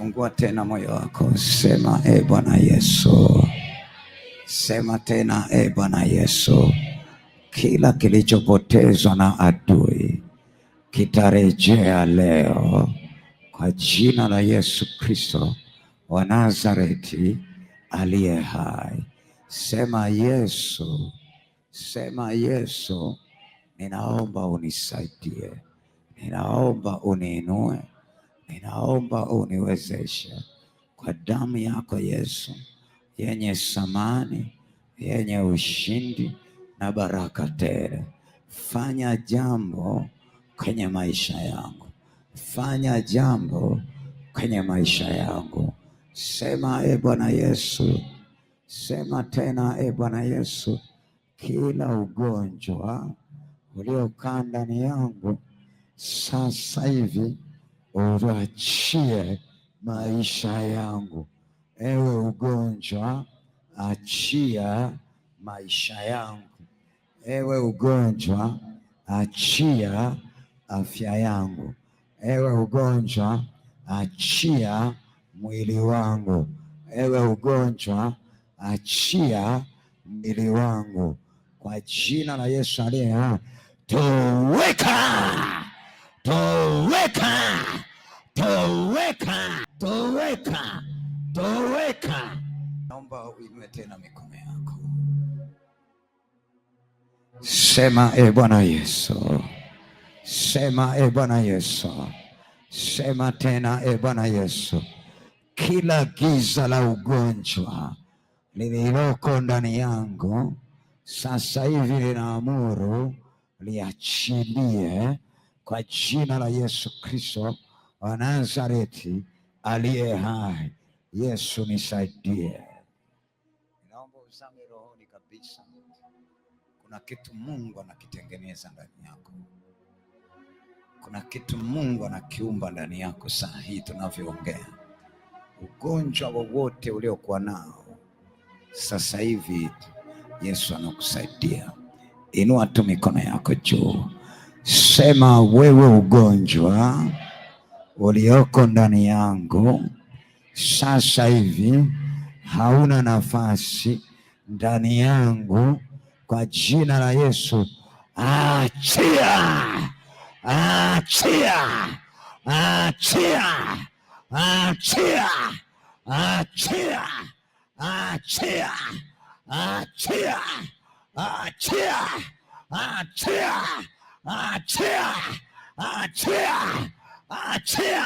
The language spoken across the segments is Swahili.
Fungua tena moyo wako, sema e Bwana Yesu, sema tena e Bwana Yesu, kila kilichopotezwa na adui kitarejea leo kwa jina la Yesu Kristo wa Nazareti aliye hai. Sema Yesu, sema Yesu, ninaomba unisaidie, ninaomba uniinue ninaomba uniwezeshe kwa damu yako Yesu yenye samani yenye ushindi na baraka tele. Fanya jambo kwenye maisha yangu, fanya jambo kwenye maisha yangu. Sema e Bwana Yesu, sema tena e Bwana Yesu, kila ugonjwa uliokaa ndani yangu sasa hivi uachie maisha yangu. Ewe ugonjwa, achia maisha yangu. Ewe ugonjwa, achia afya yangu. Ewe ugonjwa, achia mwili wangu. Ewe ugonjwa, achia mwili wangu, kwa jina la Yesu aliye hai. Toweka, toweka Toweka, toweka, toweka. Naomba uinue tena mikono yako, sema e Bwana Yesu, sema e Bwana Yesu, sema tena e Bwana Yesu, kila giza la ugonjwa lililoko ndani yangu sasa hivi linaamuru liachilie kwa jina la Yesu Kristo wa Nazareti aliye hai. Yesu nisaidie. Naomba uzame rohoni kabisa, kuna kitu Mungu anakitengeneza ndani yako, kuna kitu Mungu anakiumba ndani yako saa hii tunavyoongea. Ugonjwa wowote uliokuwa nao sasa hivi Yesu anakusaidia. Inua tu mikono yako juu, sema wewe ugonjwa ulioko ndani yangu sasa hivi hauna nafasi ndani yangu kwa jina la Yesu. Achia, achia, achia, achia, achia, achia, achia, achia, achia, achia, achia achia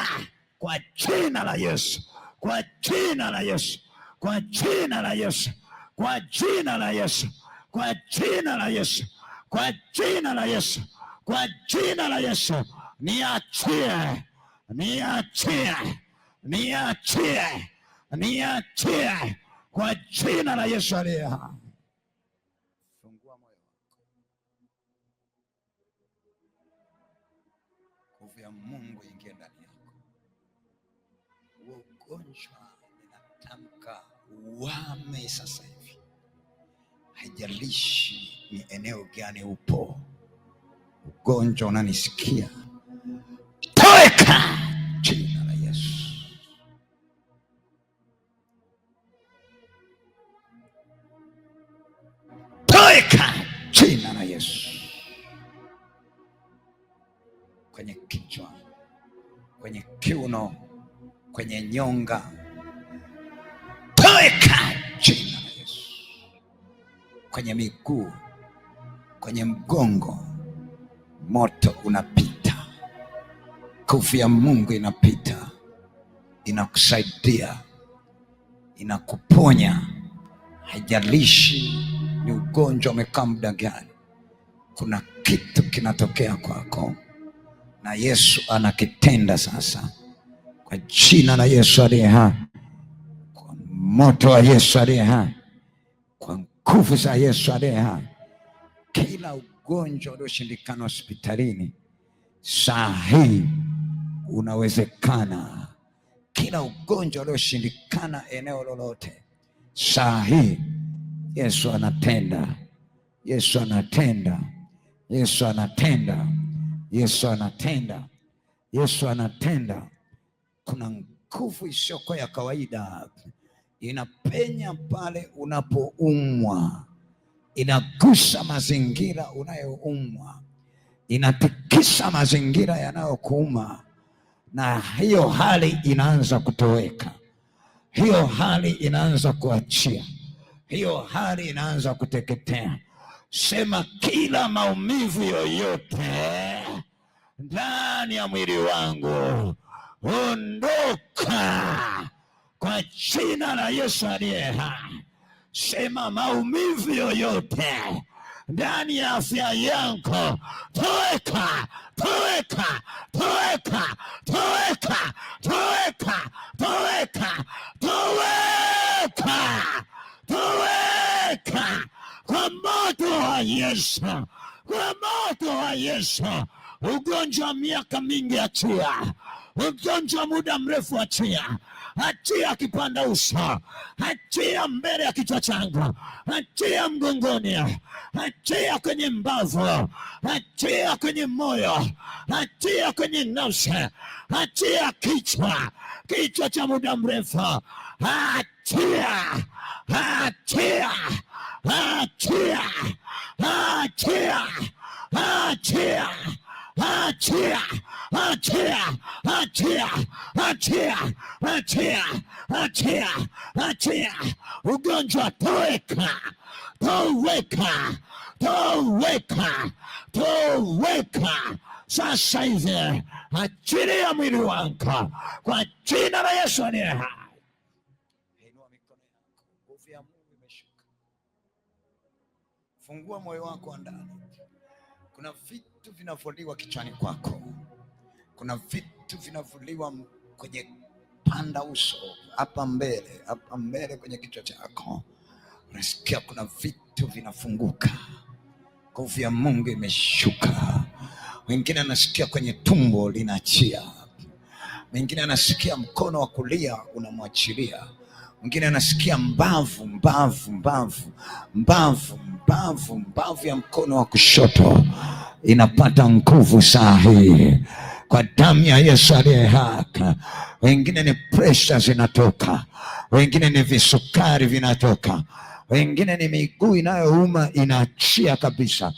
kwa jina la Yesu, kwa jina la Yesu, kwa jina la Yesu, kwa jina la Yesu, kwa jina la Yesu, kwa jina la Yesu, kwa jina la Yesu, niachie, niachie, niachie, niachie kwa jina la Yesu aliye hai. wame sasa hivi, haijalishi ni eneo gani upo, ugonjwa unanisikia, toweka jina la Yesu. Toweka jina la Yesu kwenye kichwa, kwenye kiuno, kwenye nyonga jina la Yesu, kwenye miguu, kwenye mgongo, moto unapita, nguvu ya Mungu inapita, inakusaidia, inakuponya. Haijalishi ni ugonjwa umekaa muda gani, kuna kitu kinatokea kwako na Yesu anakitenda sasa, kwa jina la Yesu aliye hai moto wa Yesu aliye hai, kwa nguvu za Yesu aliye hai, kila ugonjwa ulioshindikana hospitalini saa hii unawezekana. Kila ugonjwa ulioshindikana eneo lolote saa hii, Yesu anatenda, Yesu anatenda, Yesu anatenda, Yesu anatenda, Yesu anatenda. Kuna nguvu isiyokuwa ya kawaida inapenya pale unapoumwa, inagusa mazingira unayoumwa, inatikisa mazingira yanayokuuma, na hiyo hali inaanza kutoweka, hiyo hali inaanza kuachia, hiyo hali inaanza kuteketea. Sema kila maumivu yoyote ndani ya mwili wangu ondoka kwa jina la Yesu aliye hai, sema maumivu yoyote ndani ya afya yako, toweka, toweka, toweka, toweka, toweka, toweka, toweka, toweka kwa moto wa Yesu, kwa moto wa Yesu ugonjwa wa miaka mingi achia, ugonjwa wa muda mrefu achia, achia kipanda uso, achia mbele ya kichwa changu, achia mgongoni, achia kwenye mbavu, achia kwenye moyo, achia kwenye nafsi, achia kichwa, kichwa cha muda mrefu, achia, achia, achia, achia, achia achia, achia, achia, achia, achia, achia, achia. Ugonjwa toweka, toweka, toweka, toweka sasa hivi, achilia mwili wangu kwa jina la Yesu aliye hai. Fungua moyo wako ndani, kuna vita vitu vinavuliwa kichwani kwako, kuna vitu vinavuliwa kwenye panda uso hapa mbele, hapa mbele kwenye kichwa chako, unasikia kuna vitu vinafunguka. Nguvu ya Mungu imeshuka. Wengine anasikia kwenye tumbo linaachia, mwingine anasikia mkono wa kulia unamwachilia, mwingine anasikia mbavu, mbavu, mbavu, mbavu mbavu, mbavu ya mkono wa kushoto inapata nguvu saa hii kwa damu ya Yesu aliye haka. Wengine ni presha zinatoka, wengine ni visukari vinatoka, wengine ni miguu inayouma inaachia kabisa,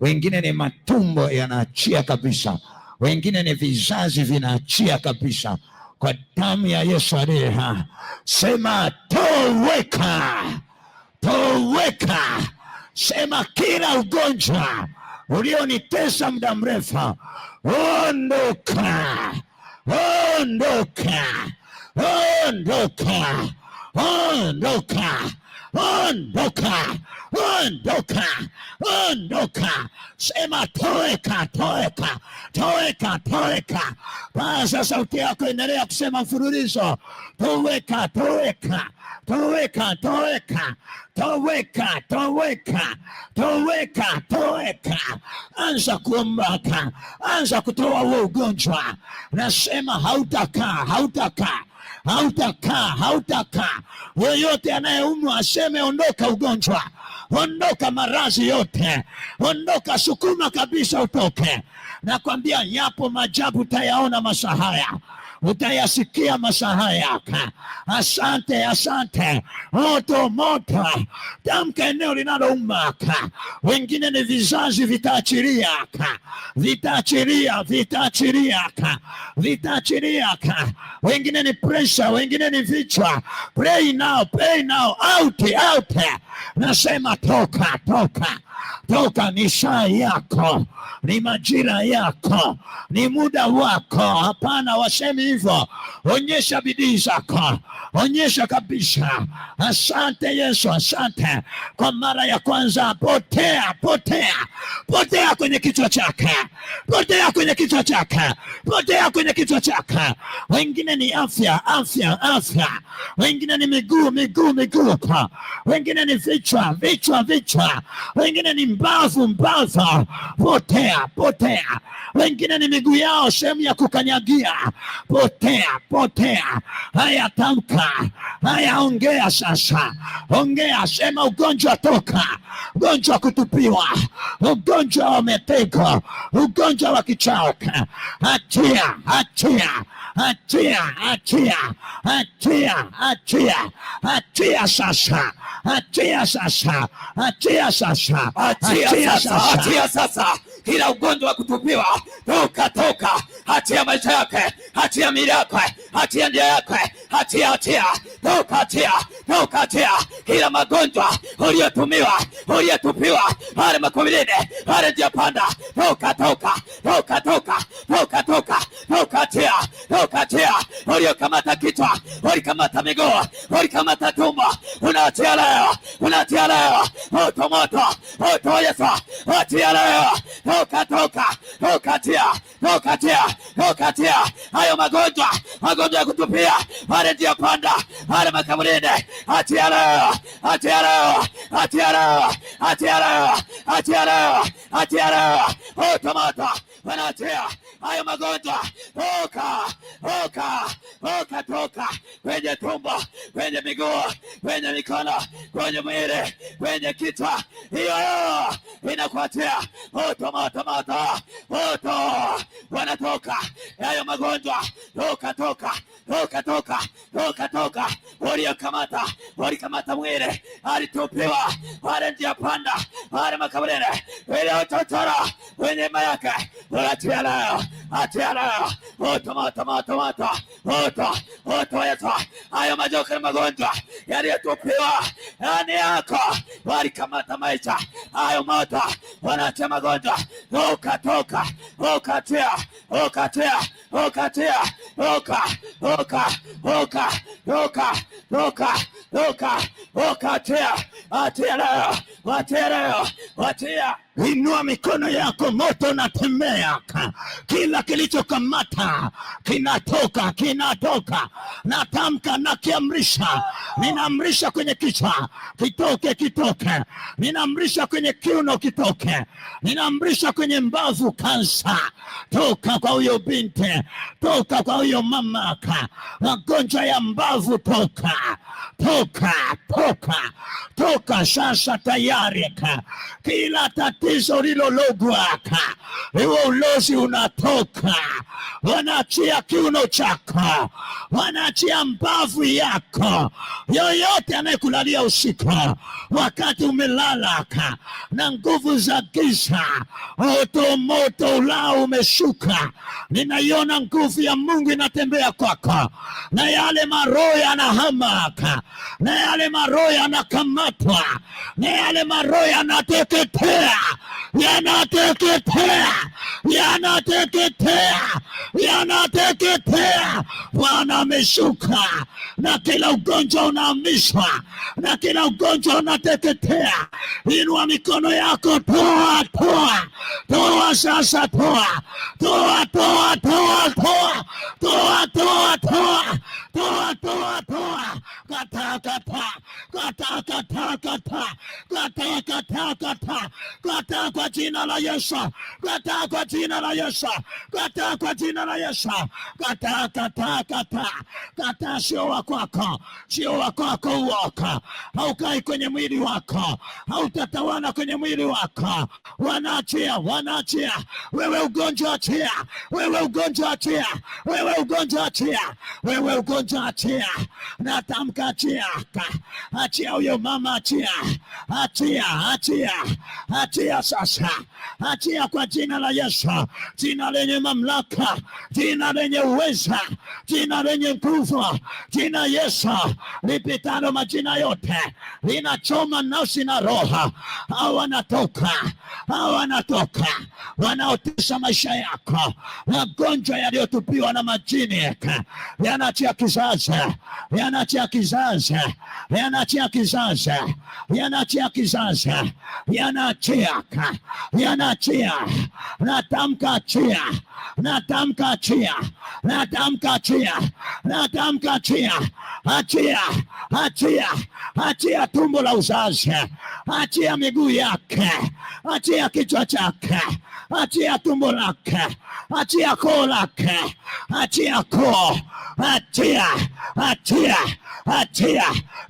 wengine ni matumbo yanaachia kabisa, wengine ni vizazi vinaachia kabisa, kwa damu ya Yesu aliye haka. Sema toweka, toweka Sema kila ugonjwa ulionitesa muda mrefu, ondoka, ondoka, ondoka, ondoka ondoka, ondoka, ondoka, sema toweka, toweka, toweka, toweka. Paza sauti yako, endelea kusema mfululizo, toweka, toweka, toweka, toweka, toweka, toweka, toweka, toweka. Anza kuombaka, anza kutoa huo ugonjwa, nasema hautakaa, hautakaa hautakaa, hautakaa. Yeyote anayeumwa aseme ondoka ugonjwa, ondoka maradhi yote, ondoka, sukuma kabisa utoke. Nakwambia yapo majabu, tayaona masaa haya utayasikia masaha yaka. Asante, asante. Moto, moto, tamka eneo linalouma. Wengine ni vizazi, vitaachiria, vitaachiria, vitaachiria, vitaachiria. Wengine ni presha, wengine ni vichwa. Pray now, pray now. Out, out. Nasema toka, toka toka, ni saa yako, ni majira yako, ni muda wako. Hapana, wasemi hivyo, onyesha bidii zako, onyesha kabisa. Asante Yesu, asante. Kwa mara ya kwanza, potea, potea, potea kwenye kichwa chake, potea kwenye kichwa chake, potea kwenye kichwa chake. Wengine ni afya, afya, afya, wengine ni miguu, miguu, miguu, wengine ni vichwa, vichwa, vichwa, wengine wengine ni mbavu mbaza, potea potea, wengine ni miguu yao sehemu ya kukanyagia, potea potea. Haya, tamka haya, ongea sasa, ongea, sema ugonjwa toka, ugonjwa kutupiwa, ugonjwa wa metego, ugonjwa wa kichaka, achia achia achia achia achia achia achia sasa, achia sasa, achia sasa achia sasa, achia sasa ila ugonjwa wa kutupiwa, toka toka, hatia maisha yake, hatia mili yake, hatia njia yake, hatia, hatia, toka hatia, toka hatia, ila magonjwa uliyotumiwa, uliyotupiwa pale makubilini, pale njia panda, toka toka, toka toka, toka toka, toka achia, toka achia, uliokamata kichwa, ulikamata miguu, ulikamata tumbo, unaachia leo, unaachia leo, moto moto, moto Yesu, achia leo toka, toka, toka tia, toka tia, toka tia hayo magonjwa, magonjwa ya kutupia, hale ndio panda, hale makaburini, atia leo, atia leo, atia leo, atia leo, atia leo, atia leo, oh, tomato wanatia hayo magonjwa toka Ruka, ruka toka kwenye tumbo, kwenye miguu, kwenye mikono, kwenye mwili, kwenye kichwa. Hiyo inakuatia moto, moto, moto, moto, wanatoka hayo magonjwa. Ruka toka, toka, toka, toka, toka. Waliokamata walikamata mwili, alitupiwa wale njia panda, wale makaburini, waliochochora kwenye nyuma yake, wanatia leo, atia leo, moto, moto, moto Kamata oto oto Yesu, hayo majoka na magonjwa yaliyotupiwa ndani yako, walikamata maisha hayo moto, wanatia magonjwa, ukatoka ukatia ukatia ukatia uka uka uka uka uka uka ukatia, atia leo, watia leo, watia Inua mikono yako, moto unatembea. Kila kilichokamata kinatoka, kinatoka. Natamka nakiamrisha, ninaamrisha kwenye kichwa kitoke, kitoke. Ninaamrisha kwenye kiuno kitoke, ninaamrisha kwenye mbavu kansa. Toka kwa huyo binti, toka kwa huyo mama, magonjwa ya mbavu toka, toka, toka, toka sasa, tayari kila tatu tatizo lilologwaka, iwo ulozi unatoka, wanaachia kiuno chako, wanaachia mbavu yako. Yoyote anayekulalia usiku wakati umelalaka na nguvu za giza, moto moto ulao umeshuka, ninaiona nguvu ya Mungu inatembea kwako, na yale maroho yanahamaka, na yale maroho yanakamatwa, na yale maroho yanateketea yanateketea, yanateketea, yanateketea. Bwana ameshuka na kila ugonjwa unaamishwa, na kila ugonjwa unateketea. Inua mikono yako, toa, toa, toa sasa, toa, toa, toa, toa, toa, toa, toa, toa, toa, toa, toa, kataa, kataa Kataa, kwa jina la Yesu, kataa kwa jina la Yesu, kataa kwa jina la Yesu, kataa, kataa, kataa, kataa. Sio wa sio wa uoka, haukai kwenye mwili wako, hautatawana kwenye mwili wako. Wanaachia, wanaachia wewe, ugonjwa achia, wewe ugonjwa achia, wewe ugonjwa achia, wewe ugonjwa achia, natamka achia Achia huyo mama, achia, achia, achia, achia sasa, achia kwa jina la Yesu, jina lenye mamlaka, jina lenye uweza, jina lenye nguvu, jina Yesu lipitalo majina yote, linachoma nafsi na roho. Hao wanatoka, hao wanatoka, wanaotesa maisha yako, magonjwa yaliyotupiwa na majini yanachia kizazi, yanachia kizazi, yanachia yanaachia kizazi, yanaachia kizazi, yanaachia, yanaachia. Natamka achia, natamka achia, natamka achia, natamka achia, achia, achia, achia tumbo la uzazi, achia miguu yake, achia kichwa chake, achia tumbo lake, achia koo lake, achia koo, achia, achia atia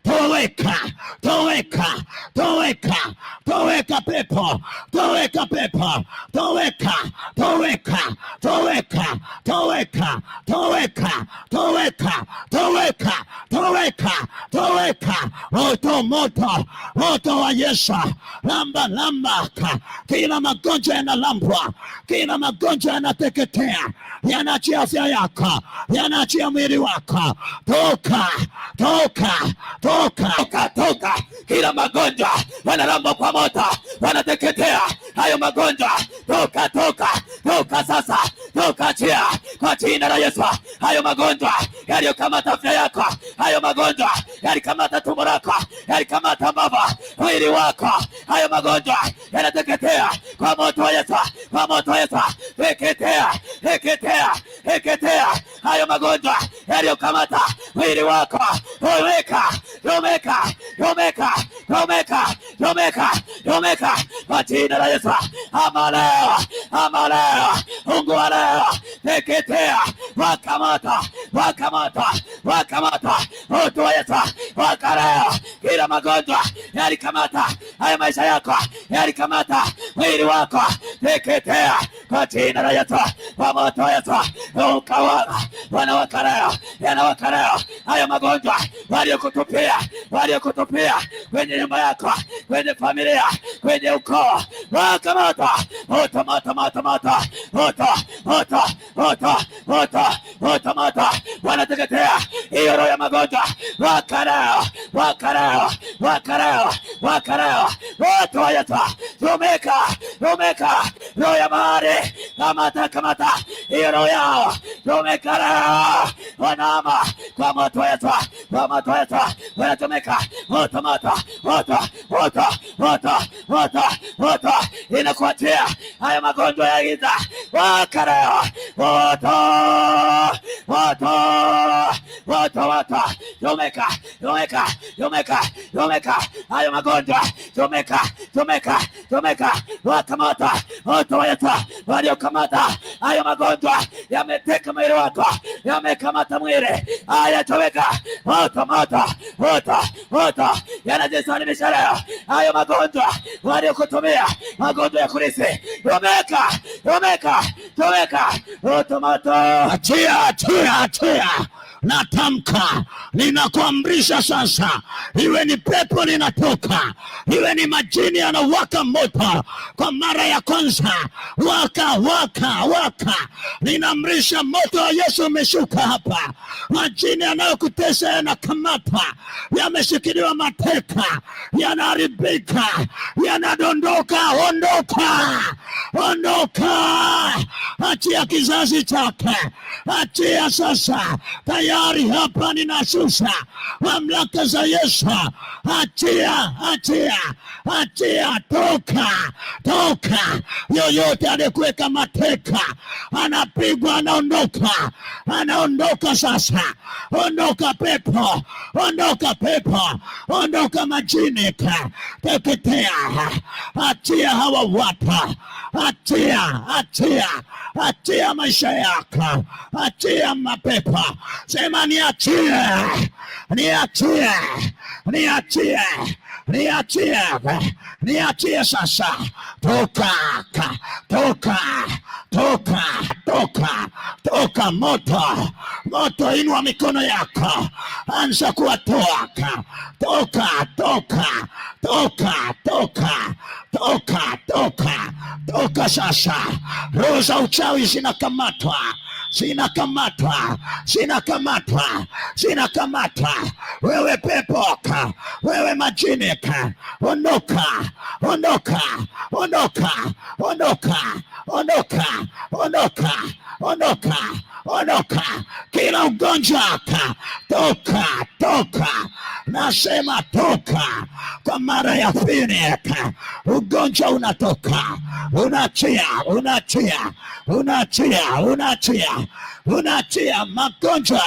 toweka, toweka, toweka, toweka pepo, toweka pepo, toweka, toweka, toweka, toweka, toweka, toweka, toweka, toweka, toweka, moto, moto, moto wa Yesu, lamba, lamba, kila magonjwa yanalambwa, kila magonjwa yanateketea, yanaachia afya yako, yanaachia mwili wako, toka toka, toka, toka, toka. Kila magonjwa wanarambwa kwa moto, wanateketea hayo magonjwa, toka, toka, toka sasa, toka, chia kwa jina la Yesu. Hayo magonjwa yaliyokamata afya yako, hayo magonjwa yalikamata tumbo lako, yalikamata baba mwili wako, hayo magonjwa kamata haya maisha yako, yalikamata mwili wako, teketea kwa jina la Yesu, kwa moto wa Yesu ukawala. Wanawakarea, yanawakarea haya magonjwa waliokutupia, waliokutupia kwenye nyumba yako, kwenye familia, kwenye ukoo, wakamata moto, moto, moto, moto, moto, moto hiyo roho ya magonjwa wakarao wakarao wakarao wakarao wote wayata rumeka rumeka ロヤマーリ、アマタカマタ、イロヤー、ロメカラー、オナマ、カマトヤタ、カマトヤタ、ウェトメカ、オトマタ、オト、オト、オト、オト、オト、イナコチア、アヤマコンドヤギザ、ワカラヨ、オト、オト、オト、オト、ロメカ、ロメカ、ロメカ、ロメカ、アヤマコンドヤ、ロメカ、ロメカ、ロメカ、ワカマタ、moto wa Yesu waliokamata hayo magonjwa, yameteka mwili wako, yamekamata mwili, hayachoweka moto, moto, moto, moto, yanajisalimisha leo. Hayo magonjwa waliokutumia magonjwa ya kurisi, yomeka, yomeka, choweka moto, moto, achia, achia, achia natamka, ninakuamrisha sasa, iwe ni pepo linatoka, iwe ni majini yanawaka moto kwa mara ya kwanza, waka waka waka, ninaamrisha moto wa Yesu umeshuka hapa. Majini yanayokutesa yanakamatwa, yameshikiliwa mateka, yanaharibika, yanadondoka. Ondoka, ondoka, achia kizazi chake, achia sasa tayari hapa ninashusha mamlaka za Yesu. Achia, achia, achia, toka, toka! Yoyote aliyekuweka mateka anapigwa, anaondoka, anaondoka sasa. Ondoka pepo, ondoka pepo, ondoka majini, teketea! Achia hawa watu, achia, achia, achia maisha yako, achia mapepo. Sema niachie, niachie, niachie, niachie, niachie sasa. Toka, toka, toka, toka, toka! Moto, moto, inua mikono yako, anza kuwatoa. Toka, toka, toka, toka, toka, toka, toka sasa. Roho za uchawi zinakamatwa zinakamatwa, zinakamatwa, zinakamatwa. Wewe pepoka, wewe majinika, ondoka, ondoka, ondoka, ondoka, ondoka, ondoka, ondoka Ondoka kila ugonjwa, toka toka, nasema toka kwa mara ya pili. Ugonjwa unatoka, unachia, unachia, unachia, unachia, unachia. Magonjwa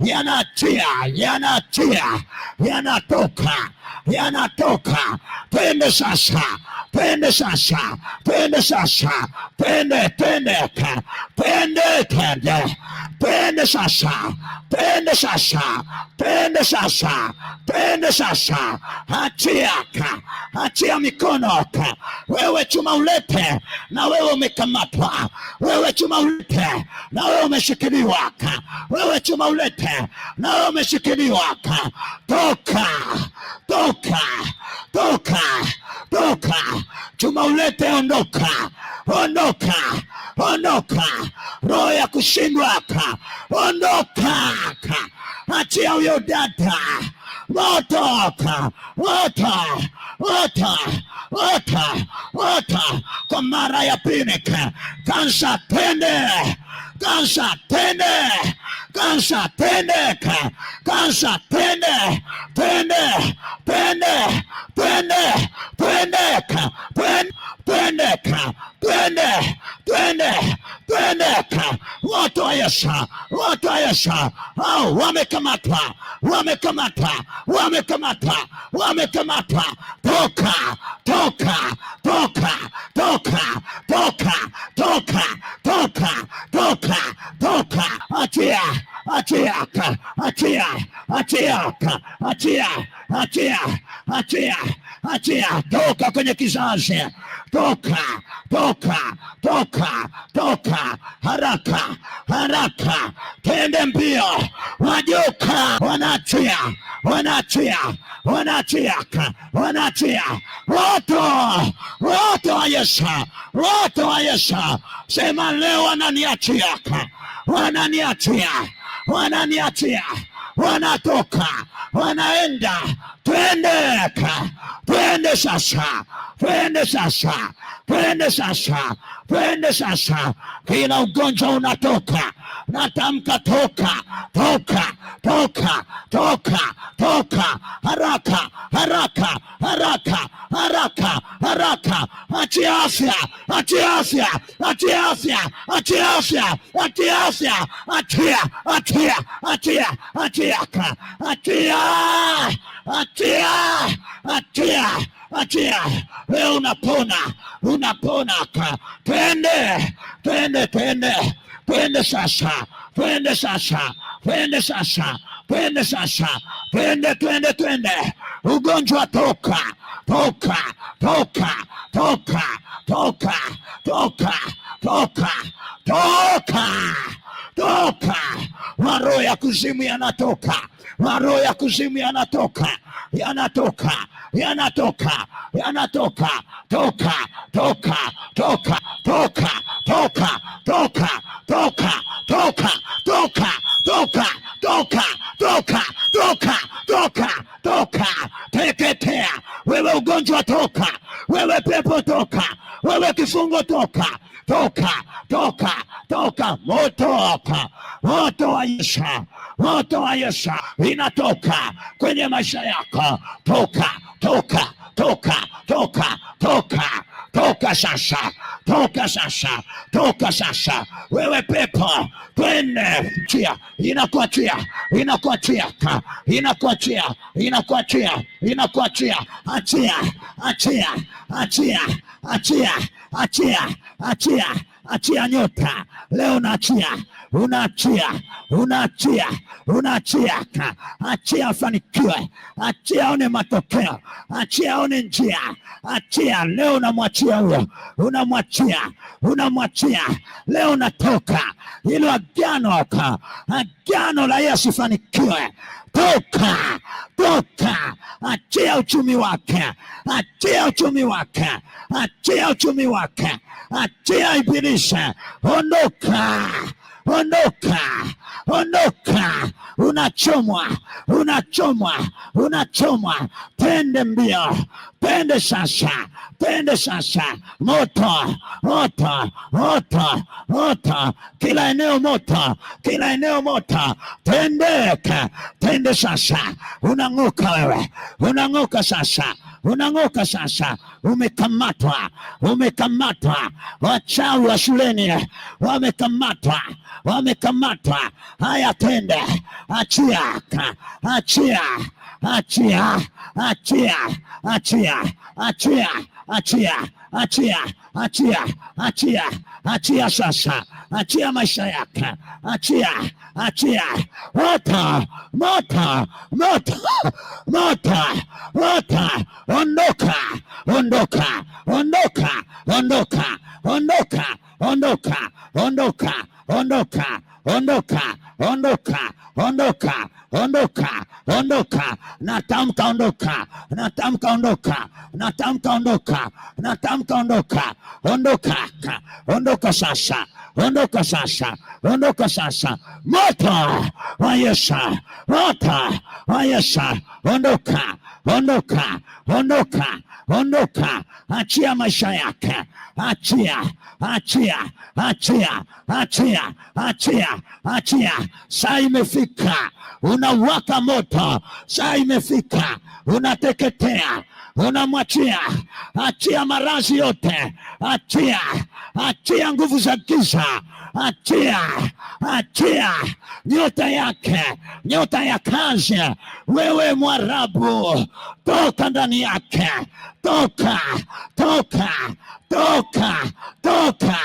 yanachia, yanachia, yanatoka, yanatoka. Twende sasa, twende sasa, twende sasa, twende, twende, twende Twende, twende sasa, twende sasa, twende sasa, twende sasa. Achia ka, achia mikono ka. Wewe chuma ulete, na wewe umekamatwa. Wewe chuma ulete, na wewe umeshikiliwa ka. Wewe chuma ulete, na wewe umeshikiliwa ka. Toka, toka, toka toka, chuma ulete, ondoka, ondoka, ondoka, roho ya kushindwa, ondoka. Achia huyo dada, wotoka wota wota wota wota. Kwa mara ya pili, kansa tende, kansa tende, kansa tende, kansa tende, tende, tende, tende, tende, tende, tende, tende, tende, tende, tende, wa wataisha. Hao wamekamata, wamekamatwa, wamekamatwa, wamekamatwa, Toka, toka, toka, toka, toka, toka toka, toka, toka, achia, achia, achia, achia, achia, achia, achia, achia, toka kwenye kizazi, toka, toka, toka, toka, haraka, haraka, tende mbio, wajuka, wanachia, wanachia, wanachia, wanachia, woto, woto wa Yesu, woto wa Yesu, sema leo wananiachia, wananiachia, wananiachia, wanatoka, wanaenda. Twende, twende sasa, twende sasa, twende sasa, twende sasa. Kila ugonjwa unatoka, natamka toka, toka toka, toka, toka haraka, haraka, haraka, haraka, haraka! Achia Asia, achia Asia, achia Asia, achia Asia, achia Asia, achia, achia, achia, achia, achia, achia, achia, achia! Leo unapona, unapona! Twende, twende, twende, twende sasa twende sasa, twende sasa, twende sasa, twende, twende, twende. Ugonjwa toka, toka, toka, toka, toka, toka, toka, toka, toka. Maroho ya kuzimu yanatoka, maroho ya kuzimu yanatoka, yanatoka, yanatoka, yanatoka, toka, toka, toka, toka, toka, toka, toka toka, toka, toka, toka, toka, toka, toka, toka, teketea wewe ugonjwa, toka wewe pepo, toka wewe kifungo, toka, toka, toka, toka, moto waka, moto wa Yesu, moto wa Yesu inatoka kwenye maisha yako, toka, toka, toka, toka, toka, toka toka sasa, toka sasa, toka sasa, wewe pepo, twende. Chia inakuachia, inakuachia, inakuachia, inakuachia, inakuachia. Achia, achia, achia, achia, achia, achia, achia nyota leo, naachia unaachia, unaachia, unaachia. Achia afanikiwe, achia aone matokeo, achia aone njia, achia leo. Unamwachia huyo, unamwachia, unamwachia leo. Natoka hilo agano, agano la Yesu, fanikiwe Toka, toka, achia uchumi wake, achia uchumi wake, achia uchumi wake, achia ibilisha, ondoka. Ondoka, ondoka, unachomwa, unachomwa, unachomwa. Pende mbio, pende sasa, pende sasa. Moto, moto, moto, moto, kila eneo moto, kila eneo moto. Tendeka, tende sasa. Unang'oka wewe, unang'oka sasa unang'oka sasa, umekamatwa, umekamatwa. Wachawi wa shuleni wamekamatwa, wamekamatwa. Haya, twende, achia, achia, achia, achia, achia, achia achia, achia, achia, achia, achia sasa, achia maisha yake, achia, achia. Moto, moto, moto, moto, moto! Ondoka, ondoka, ondoka, ondoka, ondoka, ondoka, ondoka, ondoka ondoka, ondoka, ondoka, ondoka, ondoka. Natamka ondoka, natamka ondoka, natamka ondoka, natamka ondoka, ondoka, ondoka sasa, ondoka sasa, ondoka sasa. Moto wa Yesu, moto wa Yesu, ondoka, ondoka, ondoka, ondoka, achia maisha yake achia, achia, achia, achia, achia, achia. Saa imefika, unawaka moto. Saa imefika, unateketea unamwachia achia marazi yote, achia achia nguvu za giza achia, achia nyota yake, nyota ya kazi. Wewe Mwarabu, toka ndani yake, toka, toka, toka, toka,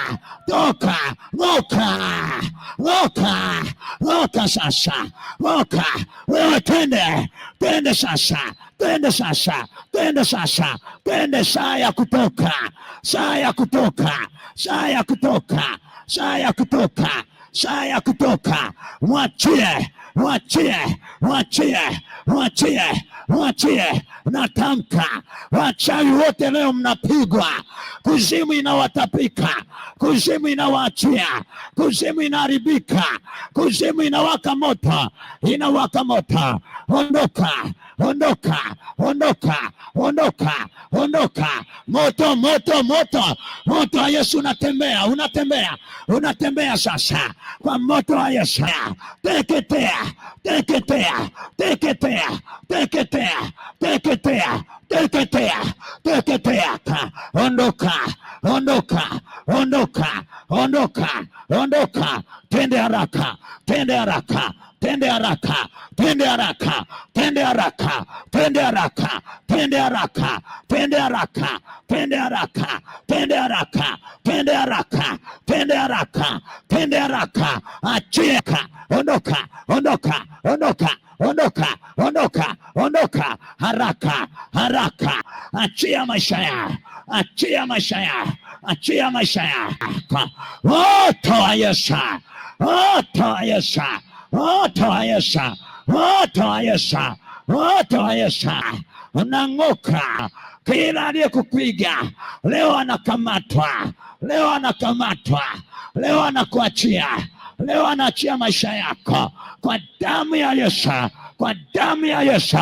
toka, ng'oka, ng'oka, ng'oka sasa, ng'oka wewe, tende, tende sasa Twende sasa, twende sasa, twende! Saa ya kutoka, saa ya kutoka, saa ya kutoka saa ya kutoka, saa ya kutoka, mwachie, mwachie, mwachie, mwachie, mwachie. Natamka wachawi wote leo mnapigwa, kuzimu inawatapika, kuzimu inawaachia, kuzimu inaharibika, kuzimu inawaka moto, inawaka moto, ondoka Ondoka, ondoka, ondoka, ondoka! Moto, moto, moto, moto wa Yesu unatembea, unatembea, unatembea sasa kwa moto wa Yesu, teketea teketea, teketea, teketea, teketea, teketea, teketea, ondoka, ondoka, ondoka, ondoka, ondoka, tende haraka, tende haraka, tende haraka, tende haraka, tende haraka, tende haraka, tende haraka, tende haraka, tende haraka, tende haraka, tende haraka, tende haraka, tende haraka, achia, ondoka, ondoka Ondoka, ondoka, ondoka, ondoka haraka, haraka! Achia maisha ya, achia maisha ya, achia maisha yako! Toa Yesu, toa Yesu, toa Yesu, toa Yesu, toa Yesu! Unanguka! Kila aliyekupiga leo anakamatwa, leo anakamatwa, leo anakuachia leo anaachia maisha yako kwa damu ya Yesu, kwa damu ya Yesu.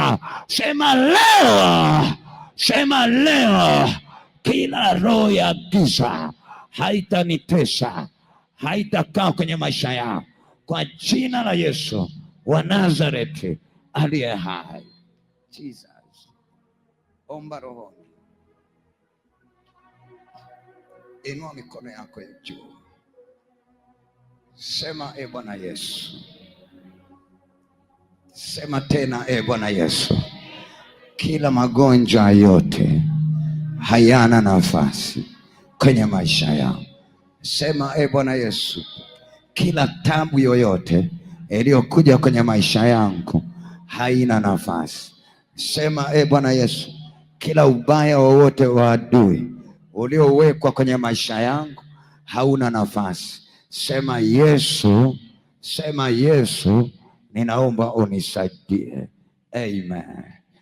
Sema leo, sema leo, kila roho ya giza haitanitesa, haitakaa kwenye maisha yao kwa jina la Yesu wa Nazareti aliye hai. Jesus, omba rohoni, inua mikono yako ya juu. Sema e Bwana Yesu, sema tena e Bwana Yesu, kila magonjwa yote hayana nafasi kwenye maisha yangu. Sema e Bwana Yesu, kila tabu yoyote iliyokuja kwenye maisha yangu haina nafasi. Sema e Bwana Yesu, kila ubaya wowote wa adui uliowekwa kwenye maisha yangu hauna nafasi. Sema Yesu, sema Yesu, ninaomba unisaidie. Amen.